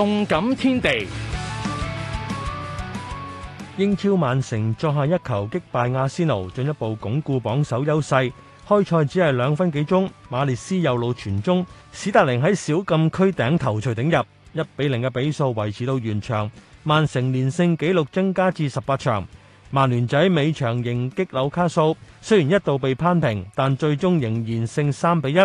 動感天地，英超曼城作下一球擊敗阿仙奴，進一步鞏固榜首優勢。開賽只係兩分幾鐘，馬列斯右路傳中，史達靈喺小禁區頂頭錘頂入，一比零嘅比數維持到完場。曼城連勝紀錄增加至十八場。曼聯仔尾場迎擊紐卡素，雖然一度被攀平，但最終仍然勝三比一。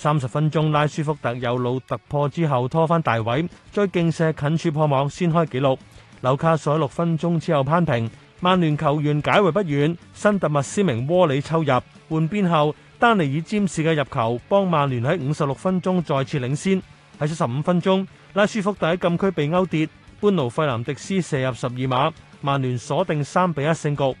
三十分鐘，拉舒福特右路突破之後拖翻大位，再勁射近處破網，先開紀錄。紐卡素六分鐘之後扳平，曼聯球員解圍不遠，新特密斯明窩里抽入，換邊後丹尼爾詹士嘅入球，幫曼聯喺五十六分鐘再次領先。喺七十五分鐘，拉舒福特喺禁區被勾跌，班奴費南迪斯射入十二碼，曼聯鎖定三比一勝局。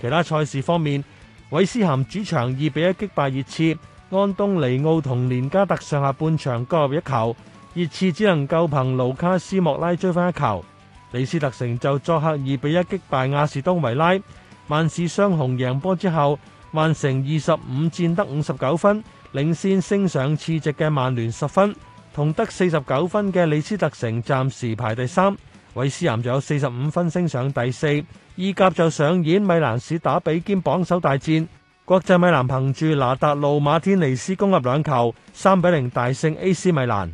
其他賽事方面，韋斯咸主場二比一擊敗熱刺。安東尼奧同連加特上下半場各入一球，熱刺只能夠憑盧卡斯莫拉追翻一球。李斯特城就作客二比一擊敗亞士東維拉，曼市雙雄贏波之後，曼城二十五戰得五十九分，領先升上次席嘅曼聯十分，同得四十九分嘅李斯特城暫時排第三，韋斯咸就有四十五分升上第四。意甲就上演米蘭市打比兼榜首大戰。國際米蘭憑住拿達路馬天尼斯攻入兩球，三比零大勝 AC 米蘭。